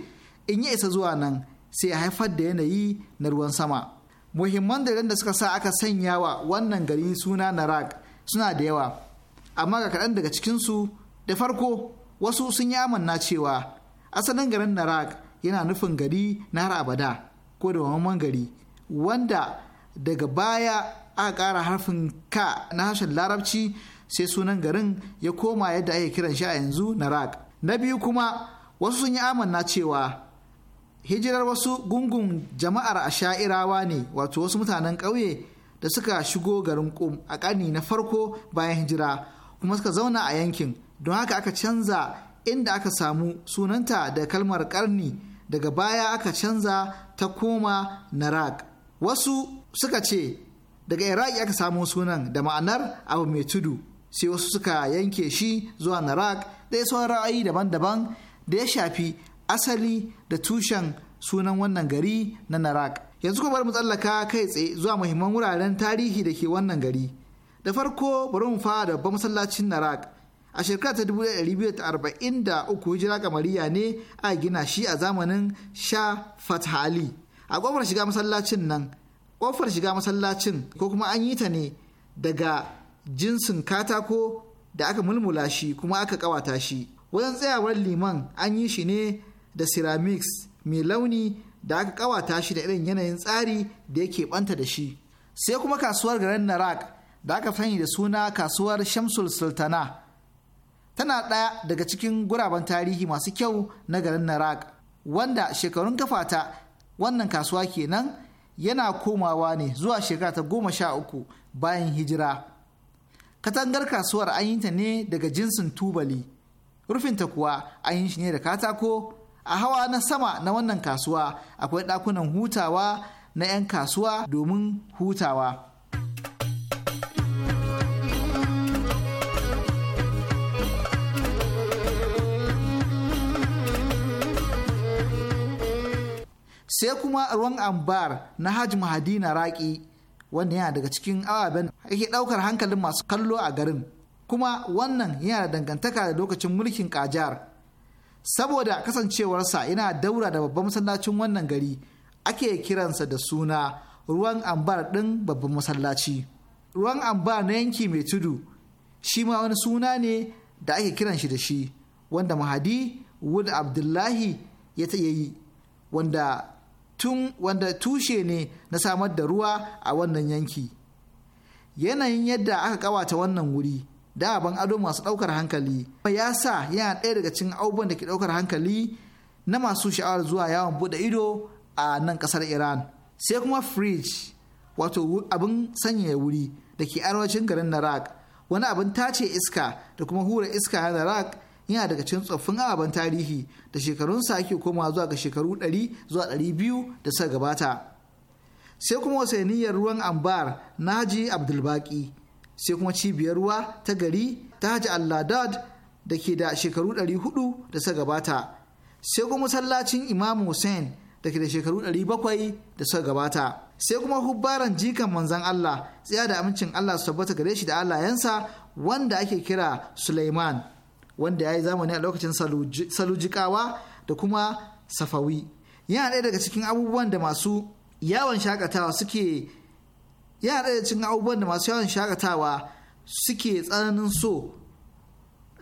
in ya isa zuwa nan sai ya haifar da yanayi na ruwan sama muhimman dalilan da suka sa aka sanya wa wannan gari suna narak suna da yawa amma ga kaɗan daga cikinsu da farko wasu sun yi amanna cewa asalin garin narak yana nufin gari na har abada ko da gari wanda daga baya aka ƙara harfin ka na harshen larabci sai sunan garin ya koma yadda ake kiran shi a yanzu na narak na biyu kuma wasu sun yi amanna cewa hijirar wasu gungun jama'ar a Shairawa ne wato wasu mutanen ƙauye da suka shigo garin ƙum a ƙarni na farko bayan hijira kuma suka zauna a yankin don haka aka canza inda aka samu sunanta da kalmar ƙarni daga baya aka canza ta koma narak wasu suka ce daga iraki aka samo sunan da ma'anar abu mai tudu sai wasu suka yanke shi zuwa narak da ya sauran ra'ayi daban-daban da ya shafi asali da tushen sunan wannan gari na narak yanzu kuma bari mu tsallaka kai tsaye zuwa muhimman wuraren tarihi da ke wannan gari da farko bari mu fara da babban masallacin narak a shekara ta 1243 hijira kamariya ne a gina shi a zamanin sha fatali a kofar shiga masallacin nan kofar shiga masallacin ko kuma an yi ta ne daga jinsin katako da aka mulmula shi kuma aka kawata shi wajen tsayawar liman an yi shi ne da ceramics mai launi da aka kawata shi da irin yanayin tsari da yake banta da shi sai kuma kasuwar garin narak da aka sani da suna kasuwar shamsul sultana tana ɗaya daga cikin guraben tarihi masu kyau na garin narak wanda shekarun kafata wannan kasuwa kenan yana komawa ne zuwa shekara ta goma sha uku bayan hijira katangar kasuwar an yi ta ne daga jinsin tubali rufinta kuwa an yi shi ne da katako a hawa na sama na wannan kasuwa akwai ɗakunan hutawa na 'yan kasuwa domin hutawa sai kuma ruwan ambar na hajj mahadi na raƙi wanda yana daga cikin ababen yake ɗaukar hankalin masu kallo a garin kuma wannan yana da dangantaka da lokacin mulkin kajar saboda kasancewarsa yana daura da babban masallacin wannan gari ake kiransa da suna ruwan ambar ɗin babban masallaci ruwan ambar na yanki mai tudu shi ma wani suna ne da ake kiran shi da shi wanda mahadi wud abdullahi ya ta yi wanda tun wanda tushe ne na samar da ruwa a wannan yanki yanayin yadda aka kawata wannan wuri da abin ado masu daukar hankali ya sa yana ɗaya daga cikin abubuwan da ke daukar hankali na masu sha'awar zuwa yawon buɗe ido a nan ƙasar iran sai kuma fridge wato abin sanyaya wuri da ke arewacin garin narak wani abin tace iska da kuma hura iska na narak yana daga cikin tsoffin ababen tarihi da shekarun sa ake koma zuwa ga shekaru 100 zuwa 200 da suka gabata sai kuma wasaniyar ruwan ambar na haji abdulbaki sai kuma cibiyar ruwa ta gari ta haji alladad da ke da shekaru 400 da suka gabata sai kuma masallacin imam hussein da ke da shekaru 700 da suka gabata sai kuma hubbaran jikan manzan allah tsaya da amincin allah su tabbata gare shi da allayensa wanda ake kira suleiman wanda ya yi zamani a lokacin salujikawa da kuma safawi yana ɗaya daga cikin abubuwan da masu yawon shakatawa suke yana ɗaya cikin abubuwan da masu yawon shakatawa suke tsananin so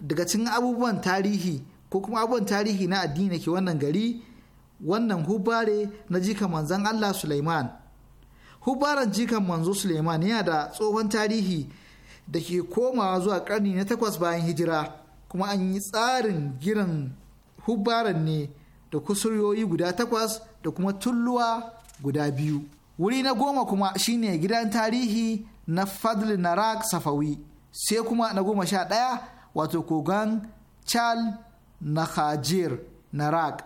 daga cikin abubuwan tarihi ko kuma abubuwan tarihi na addini ke wannan gari wannan hubare na jikan manzan Allah Suleiman. Hubaren jikan manzo Suleiman yana da tsohon tarihi da ke komawa zuwa ƙarni na takwas bayan hijira. kuma an yi tsarin giran Hubaran ne da kusuryoyi guda takwas da kuma tulluwa guda biyu wuri na goma kuma shine gidan tarihi na fadl narak safawi sai kuma na goma sha ɗaya wato kogon chal nahajir narak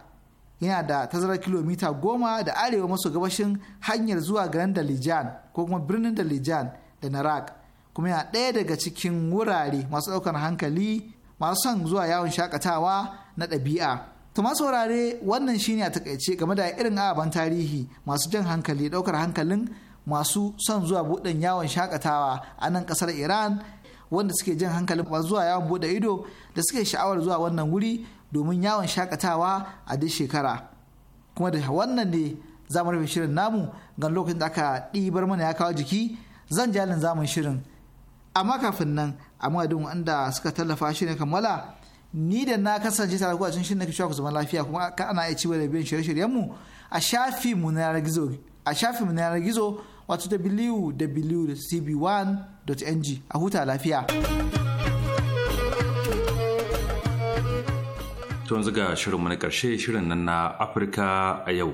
yana da tazarar kilomita goma da arewa maso gabashin hanyar zuwa garin dalijan ko kuma birnin dalijan da narak kuma yana ɗaya daga cikin wurare masu ɗaukar hankali masu son zuwa yawon shakatawa na ɗabi'a. To saurare wannan shine a takaice game da irin ababen tarihi masu jan hankali ɗaukar hankalin masu son zuwa buɗin yawon shakatawa a nan ƙasar Iran wanda suke jan hankalin masu zuwa yawon buɗe ido da suke sha'awar zuwa wannan wuri domin yawon shakatawa a duk shekara. Kuma da wannan ne za mu rufe shirin namu ga lokacin da aka ɗibar mana ya kawo jiki zan jalin zamun shirin. Amma kafin nan a madadin wanda suka tallafa shi ne kammala ni da na kasance tare kuwa cikin nake cewa ku zama lafiya kuma ana iya ciwo da biyan shirye mu a shafi mu na yanar gizo a shafi mu na yanar gizo wato www.cb1.ng a huta lafiya. To yanzu ga shirinmu na ƙarshe shirin nan na Afirka a yau.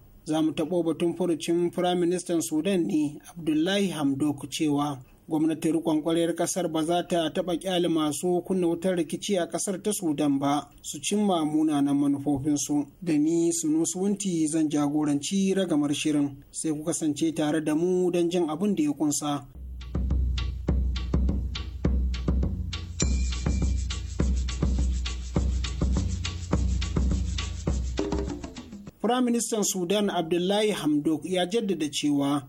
za mu taɓo batun furucin firaministan sudan ne abdullahi hamdok cewa gwamnatin rikon kwarar kasar ba za ta taɓa kyale masu kunna wutar rikici a ƙasar ta sudan ba su cimma munanan manufofinsu da ni su wunti zan jagoranci ragamar shirin sai ku kasance tare da mu don jin abin da ya kunsa Firaministan Sudan Abdullahi Hamdok ya jaddada cewa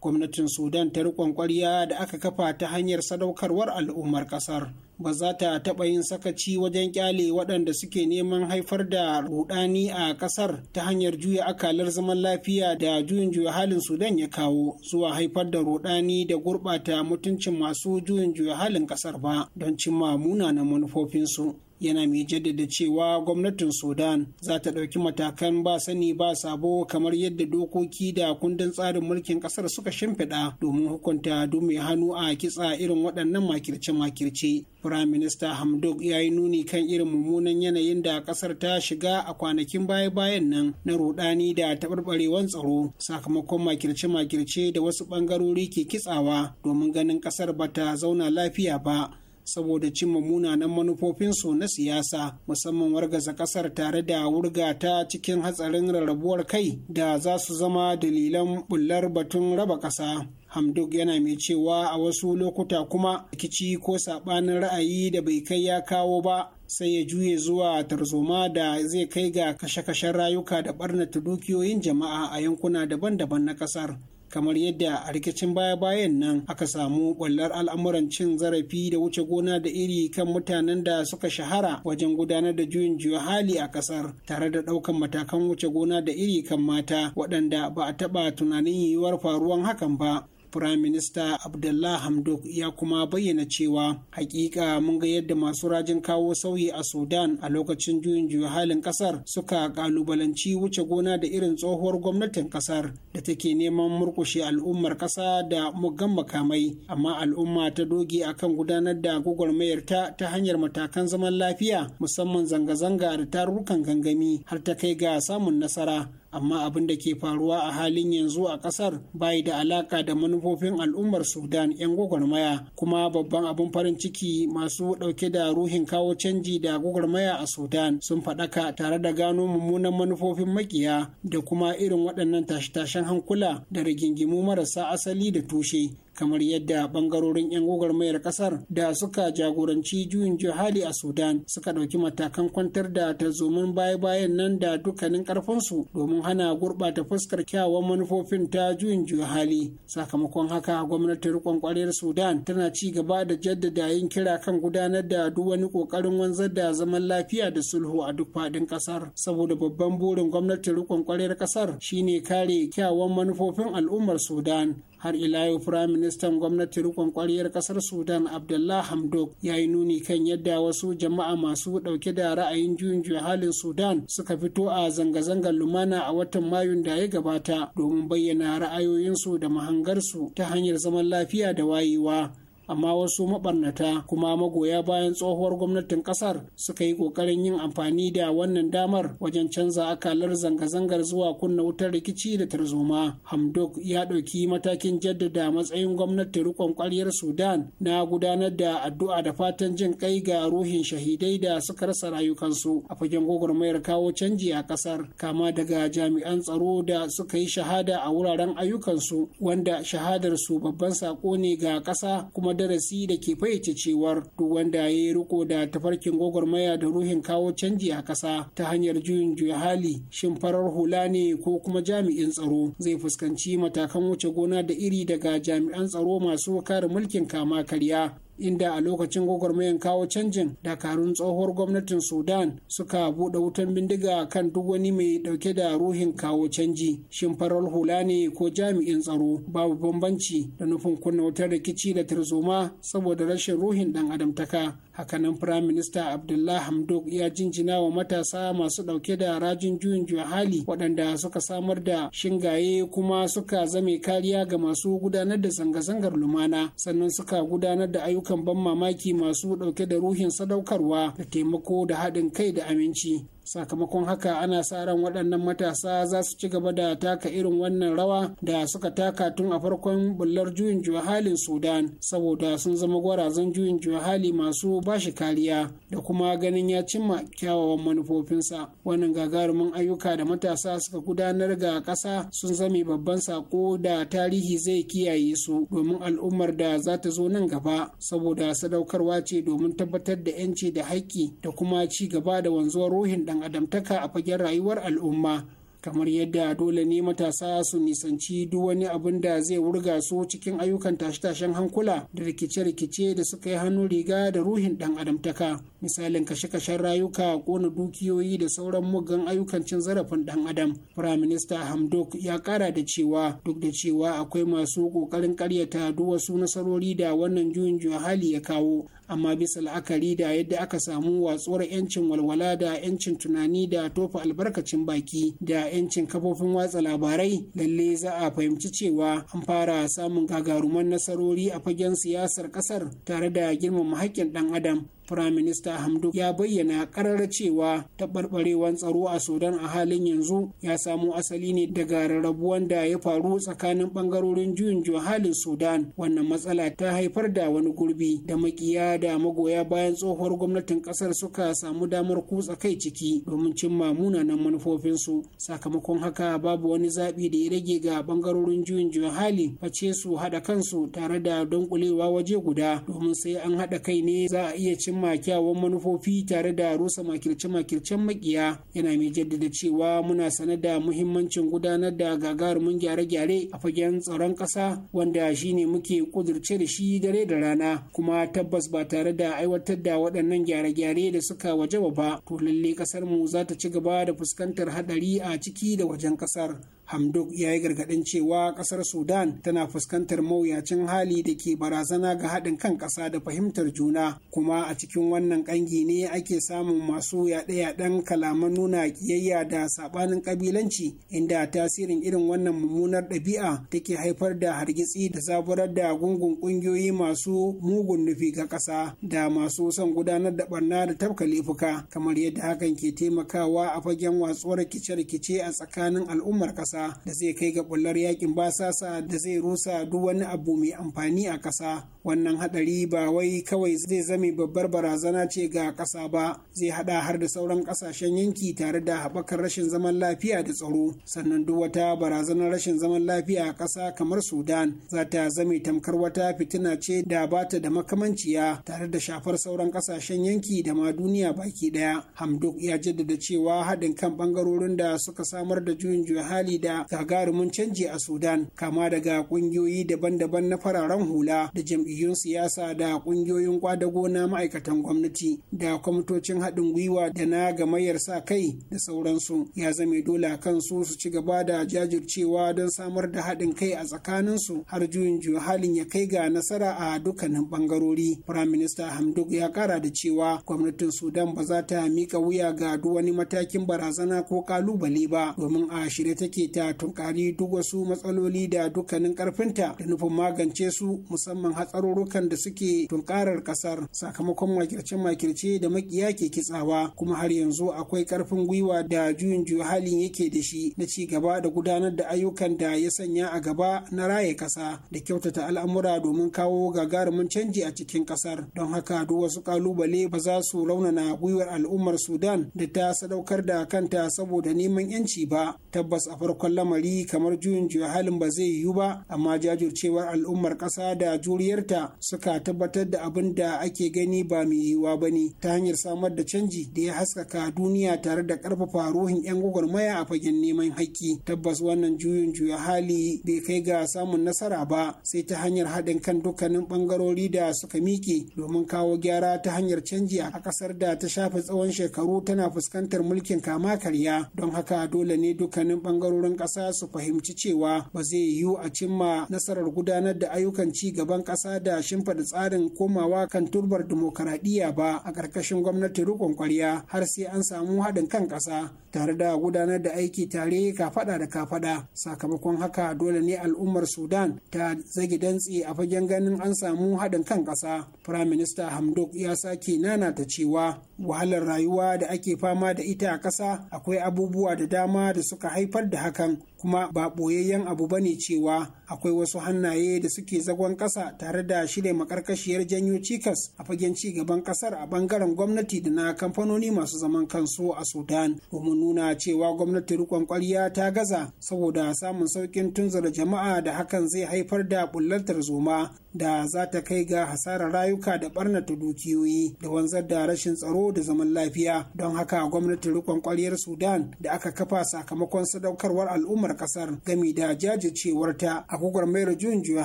gwamnatin Sudan ta riƙon ƙwarya da aka kafa ta hanyar sadaukarwar al'ummar ƙasar. Ba za ta taɓa yin sakaci wajen ƙyale waɗanda suke neman haifar da rudani a ƙasar ta hanyar juya akalar zaman lafiya da juyin juya halin Sudan ya kawo zuwa haifar da rudani da gurɓata mutuncin masu juyin juya halin ƙasar ba don cimma munanan manufofinsu. yana mai jaddada cewa gwamnatin sudan za ta ɗauki matakan ba sani ba sabo kamar yadda dokoki da kundin tsarin mulkin ƙasar suka shimfiɗa domin hukunta dume hannu a kitsa irin waɗannan makirce-makirce Firayim Minista Hamdok ya yi nuni kan irin mummunan yanayin da ƙasar ta shiga a kwanakin baya-bayan nan na rudani da taɓarɓarewan tsaro sakamakon makirce-makirce da wasu ɓangarori ke kitsawa domin ganin ƙasar ba ta zauna lafiya ba. saboda cimma munanan manufofinsu na siyasa musamman wargaza kasar tare da wurga ta cikin hatsarin rarrabuwar kai da za su zama dalilan bullar batun raba ƙasa. Hamduk yana mai cewa a wasu lokuta kuma rikici ko saɓanin ra'ayi da bai kai ya kawo ba sai ya juye zuwa tarzoma da zai kai ga kashe-kashen rayuka da ɓarnata dukiyoyin jama'a a yankuna daban-daban na ƙasar. kamar yadda a rikicin baya-bayan nan aka samu ɓallar al'amuran cin zarafi da wuce gona da iri kan mutanen da suka shahara wajen gudanar da juyin juya hali a ƙasar tare da ɗaukan matakan wuce gona da iri kan mata waɗanda ba a taɓa tunanin yiwuwar faruwan hakan ba Firaminista Abdullah Hamdok ya kuma bayyana cewa hakika mun ga yadda masu rajin kawo sauyi a Sudan a lokacin juyin juya halin kasar suka kalubalanci wuce gona da irin tsohuwar gwamnatin kasar da take neman murkushe al'ummar kasa da muggan makamai amma al'umma ta doge akan gudanar da gwagwarmayar ta ta hanyar matakan zaman lafiya musamman zanga-zanga da tarurrukan gangami har ta kai ga samun nasara amma abin da ke faruwa a halin yanzu a kasar bai da alaka da manufofin al'ummar sudan 'yan gwagwarmaya kuma babban abin farin ciki masu dauke da ruhin kawo canji da gwagwarmaya a sudan sun faɗaka tare da gano mummunan manufofin makiya da kuma irin waɗannan tashe-tashen hankula da rigingimu marasa asali da tushe kamar yadda bangarorin 'yan gwagwarmayar kasar da suka jagoranci juyin johali a sudan suka ɗauki matakan kwantar da tarzoman baya-bayan nan da dukkanin karfinsu domin hana gurɓata fuskar kyawawan manufofin ta juyin johali sakamakon haka gwamnatin riƙon ƙwarriyar sudan tana ci gaba da jaddada yin kira kan gudanar da duk wani ƙoƙarin wanzar da zaman lafiya da sulhu a duk faɗin ƙasar saboda babban burin gwamnatin riƙon ƙwarriyar ƙasar shine kare kyawawan manufofin al'ummar sudan har ila yau firayim ministan gwamnati rikon kwariyar kasar sudan abdullah hamdok ya yi nuni kan yadda wasu jama'a masu dauke da ra'ayin juyin juya halin sudan suka fito a zanga-zangar lumana a watan mayun da ya gabata domin bayyana ra'ayoyinsu da mahangarsu ta hanyar zaman lafiya da wayewa amma wasu mabarnata kuma magoya bayan tsohuwar gwamnatin kasar suka yi kokarin yin amfani da wannan damar wajen canza akalar zanga-zangar zuwa kunna wutar rikici da tarzoma hamdok ya ɗauki matakin jaddada matsayin gwamnati rikon kwaryar sudan na gudanar da addu'a da fatan jin kai ga ruhin shahidai da suka rasa rayukansu a fagen gwagwarmayar kawo canji a kasar kama daga jami'an tsaro da suka yi shahada a wuraren ayyukansu wanda shahadarsu babban sako ne ga ƙasa kuma darasi da ke fayyace cewar duk wanda ya yi riko da tafarkin gwagwarmaya da ruhin kawo canji a ƙasa ta hanyar juyin juya hali shin farar hula ne ko kuma jami'in tsaro zai fuskanci matakan wuce gona da iri daga jami'an tsaro masu kare mulkin kama karya inda a lokacin gwagwarmayan kawo canjin dakarun tsohuwar gwamnatin sudan suka buɗe wutan bindiga kan duk wani mai ɗauke da ruhin kawo canji shin farar hula ne ko jami'in tsaro babu bambanci da nufin kunna wutar rikici da tarzoma saboda rashin ruhin ɗan adamtaka hakanan firaminista Abdullahi hamdok ya jinjina wa matasa masu ɗauke da rajin juyin juya hali waɗanda suka samar da shingaye kuma suka zame kariya ga masu gudanar da zanga-zangar lumana sannan suka gudanar da ayyukan ban mamaki masu ɗauke da ruhin sadaukarwa da taimako da haɗin kai da aminci sakamakon haka ana sa ran waɗannan matasa za su ci gaba da taka irin wannan rawa da suka taka tun a farkon bullar juyin juya halin sudan saboda sun zama gwarazan juyin juya hali masu bashi kariya da kuma ganin ya cimma kyawawan manufofinsa wannan gagarumin ayyuka da matasa suka gudanar ga ƙasa sun zame babban sako da tarihi zai kiyaye su domin al'ummar da za ta zo nan gaba saboda sadaukarwa ce domin tabbatar da 'yanci da haƙƙi da kuma ci gaba da wanzuwar ruhin ɗan ɗan adamtaka a fagen rayuwar al'umma kamar yadda dole ne matasa su nisanci duk wani abin da zai wurga su cikin ayyukan tashe-tashen hankula da rikice-rikice da suka yi hannu riga da ruhin dan adamtaka misalin kashe-kashen rayuka kona dukiyoyi da sauran muggan ayyukan cin zarafin dan adam prime minister hamdok ya kara da cewa duk da cewa akwai masu kokarin karyata duk wasu nasarori da wannan juyin hali ya kawo amma bisa la'akari da yadda aka samu watsuwar 'yancin walwala da 'yancin tunani da tofa albarkacin baki da 'yancin kafofin watsa labarai lalle za a fahimci cewa an fara samun gagaruman nasarori a fagen siyasar kasar tare da girmama haƙƙin ɗan adam firaminista hamdu ya bayyana karar cewa taɓarɓarewar tsaro a sudan a halin yanzu ya samo asali ne daga rarrabuwan da ya faru tsakanin ɓangarorin juyin halin sudan wannan matsala ta haifar da wani gurbi da makiya da magoya bayan tsohuwar gwamnatin ƙasar suka samu damar kutsa kai ciki domin cimma munanan manufofinsu sakamakon haka babu wani zaɓi da ya rage ga ɓangarorin juyin hali face su haɗa kansu tare da dunkulewa waje guda domin sai an haɗa kai ne za a iya cimma cimma kyawawan manufofi tare da rusa makirce-makircen makiya yana mai jaddada cewa muna sane da muhimmancin gudanar da gagarumin gyare-gyare a fagen tsaron ƙasa wanda shine muke ƙudurce da shi dare da rana kuma tabbas ba tare da aiwatar da waɗannan gyare-gyare da suka wajaba ba to lalle ƙasar mu za ta ci gaba da fuskantar haɗari a ciki da wajen ƙasar Hamduk ya yi gargaɗin cewa ƙasar sudan tana fuskantar mawuyacin hali da ke barazana ga haɗin kan ƙasa da fahimtar juna kuma a cikin wannan ƙangi ne ake samun masu yaɗe-yaɗen kalaman nuna ƙiyayya da saɓanin ƙabilanci inda tasirin irin wannan mummunar ɗabi'a take haifar da hargitsi da zaburar da gungun ƙungiyoyi masu mugun nufi ga ƙasa da masu son gudanar da ɓarna da tafka laifuka kamar yadda hakan ke taimakawa a fagen watsuwar rikice-rikice a tsakanin al'ummar ƙasa ƙasa da zai kai ga bullar yakin basasa da zai rusa duk wani abu mai amfani a ƙasa wannan haɗari ba wai kawai zai zame babbar barazana ce ga ƙasa ba zai haɗa har da sauran ƙasashen yanki tare da haɓakar rashin zaman lafiya da tsaro sannan duk wata barazanar rashin zaman lafiya a ƙasa kamar sudan za ta zame tamkar wata fitina ce da bata da makamanciya tare da shafar sauran ƙasashen yanki da ma duniya baki ɗaya Hamduk ya jaddada cewa haɗin kan ɓangarorin da suka samar da juyin juya hali da. da gagarumin canji a sudan kama daga kungiyoyi daban-daban na fararen hula da jam'iyyun siyasa da kungiyoyin kwadago na ma'aikatan gwamnati da kwamitocin haɗin gwiwa da na gamayyar sa kai da sauransu ya zame dole kan su su ci gaba da jajircewa don samar da haɗin kai a tsakaninsu har juyin juyin halin ya kai ga nasara a dukkanin bangarori prime minister hamduk ya kara da cewa gwamnatin sudan ba za ta mika wuya ga duk wani matakin barazana ko ƙalubale ba domin a shirye take ta tunkari duk wasu matsaloli da dukkanin karfinta da nufin magance su musamman hatsarurrukan da suke tunkarar kasar sakamakon makirce-makirce da makiya ke kitsawa kuma har yanzu akwai karfin gwiwa da juyin juya halin yake da shi na ci gaba da gudanar da ayyukan da ya sanya a gaba na raye kasa da kyautata al'amura domin kawo gagarumin canji a cikin kasar don haka duk wasu kalubale ba za su raunana gwiwar al'ummar sudan da ta sadaukar da kanta saboda neman yanci ba tabbas a farko. sakamakon lamari kamar juyin juya halin ba zai yiwu ba amma jajircewar al'ummar ƙasa da juriyarta suka tabbatar da abin da ake gani ba mai yiwuwa ba ne ta hanyar samar da canji da ya haskaka duniya tare da karfafa ruhin 'yan gwagwarmaya a fagen neman haƙƙi tabbas wannan juyin juya hali bai kai ga samun nasara ba sai ta hanyar haɗin kan dukkanin ɓangarori da suka miƙe domin kawo gyara ta hanyar canji a ƙasar da ta shafe tsawon shekaru tana fuskantar mulkin kama karya don haka dole ne dukkanin ɓangarorin kasa su fahimci cewa ba zai yiwu a cimma nasarar gudanar da ayyukan ci gaban ƙasa da shimfiɗa tsarin komawa kan turbar dimokuraɗiyya ba a ƙarƙashin gwamnati riƙon ƙwarya har sai an samu haɗin kan ƙasa tare da gudanar da aiki tare kafaɗa da kafaɗa sakamakon haka dole ne al'ummar sudan ta zagi dantse a fagen ganin an samu haɗin kan ƙasa firaminista hamdok ya sake nanata cewa wahalar rayuwa da ake fama da ita a ƙasa akwai abubuwa da dama da suka haifar da haka them kuma ba ɓoyayyen abu ba ne cewa akwai wasu hannaye da suke zagon ƙasa tare da shirya makarkashiyar janyo cikas a fagen ci gaban ƙasar a bangaren gwamnati da na kamfanoni masu zaman kansu a sudan domin nuna cewa gwamnati rikon ƙwarya ta gaza saboda samun sauƙin tunzura jama'a da hakan zai haifar da bullantar zoma da za ta kai ga hasarar rayuka da barnata dukiyoyi da wanzar da rashin tsaro da zaman lafiya don haka gwamnatin rikon ƙwaryar sudan da aka kafa sakamakon sadaukarwar al'umma al'ummar kasar gami da jajircewarta a gwagwarmayar juyin juya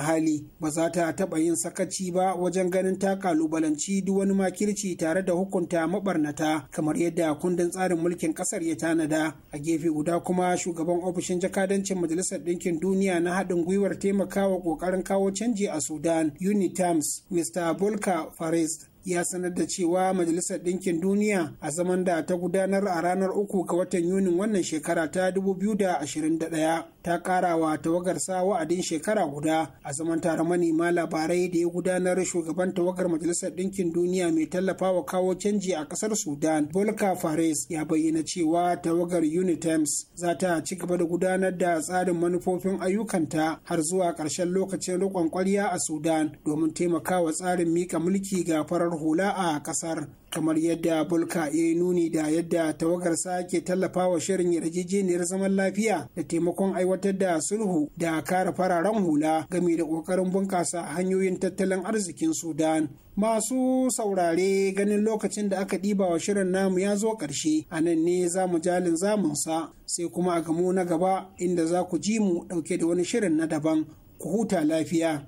hali ba za ta taɓa yin sakaci ba wajen ganin ta kalubalanci duk wani makirci tare da hukunta mabarnata kamar yadda kundin tsarin mulkin kasar ya tanada a gefe guda kuma shugaban ofishin jakadancin majalisar ɗinkin duniya na haɗin gwiwar taimakawa ƙoƙarin kawo canji a sudan unitams mr volker farest ya sanar da cewa majalisar ɗinkin duniya a zaman da ta gudanar a ranar uku ga watan yunin wannan shekara ta 2021 ta karawa tawagarsa wa'adin shekara guda a zaman tare manema labarai da ya gudanar shugaban tawagar majalisar ɗinkin duniya mai tallafawa kawo canji a ƙasar sudan volka fares ya bayyana cewa tawagar unitems za ta ci gaba da gudanar da tsarin manufofin ayyukanta har zuwa ƙarshen lokacin riƙon ƙwarya a sudan domin taimakawa tsarin miƙa mulki ga farar farar hula a kasar kamar yadda bulka ya yi nuni da yadda tawagarsa ke tallafa wa shirin yarjejeniyar zaman lafiya da taimakon aiwatar da sulhu da kare fararen hula game da ƙoƙarin bunƙasa hanyoyin tattalin arzikin sudan masu saurare ganin lokacin da aka ɗiba wa shirin namu ya zo ƙarshe a nan ne za mu jalin zamunsa sai kuma a gamo na gaba inda za ku ji mu ɗauke da wani shirin na daban ku huta lafiya.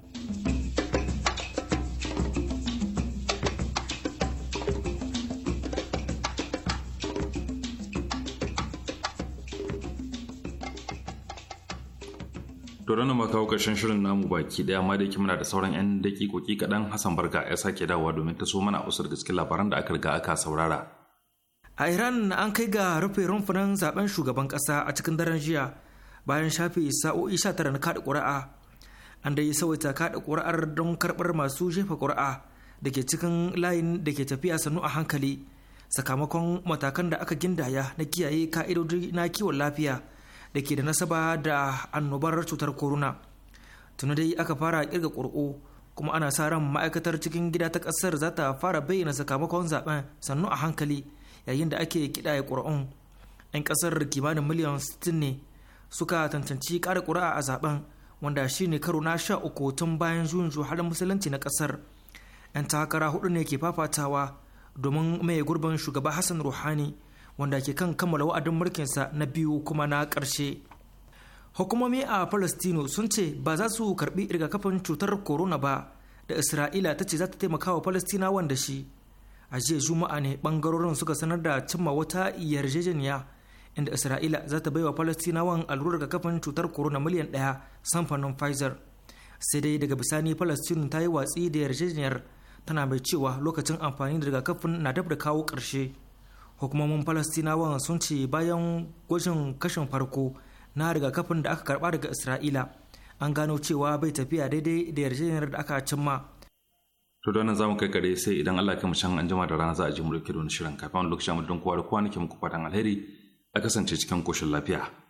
to na maka kawo ƙarshen shirin namu baki ɗaya amma da muna da sauran 'yan dakikoki kaɗan Hassan Barka ya sake dawowa domin ta so mana usar gaske labaran da aka riga aka saurara. A Iran an kai ga rufe rumfunan zaben shugaban ƙasa a cikin daren jiya bayan shafe sa'o'i 19 na kaɗa ƙuri'a. An da yi ta kaɗa ƙuri'ar don karɓar masu jefa ƙuri'a da ke cikin layin da ke tafiya sannu a hankali sakamakon matakan da aka gindaya na kiyaye ka'idodi na kiwon lafiya. da ke da nasaba da annobar cutar corona tuni dai aka fara kirga ƙurƙo kuma ana sa ran ma'aikatar cikin gida ta ƙasar za ta fara bayyana sakamakon zaben sannu a hankali yayin da ake kiɗaya kuri'un 'yan ƙasar kimanin miliyan 60 ne suka tantanci ƙara ƙuri'a a zaben wanda shine karo na sha uku tun bayan juyin halin musulunci na ƙasar 'yan takara hudu ne ke fafatawa domin mai gurbin shugaba hassan ruhani wanda ke kan kammala wa'adin mulkinsa na biyu kuma na ƙarshe hukumomi a Falastino sun ce ba za su karbi rigakafin cutar corona ba da isra'ila ta ce za ta taimaka wa palestina wanda shi a jiya juma'a ne bangarorin suka sanar da cimma wata yarjejeniya inda isra'ila za ta baiwa falastinawan allurar rigakafin cutar corona miliyan ɗaya samfanin pfizer sai dai daga bisani Falastino ta yi watsi da yarjejeniyar tana mai cewa lokacin amfani da rigakafin na dab da kawo ƙarshe hukumomin falastinawan sun ce bayan gwajin kashin farko na rigakafin da aka karba daga isra'ila an gano cewa bai tafiya daidai da yarjejeniyar da aka cimma to da nan zamu kai kare sai idan Allah ya mushan an jima da rana za a ji mu da shirin kafin lokacin mu don kowa da kowa nake muku fatan alheri a kasance cikin koshin lafiya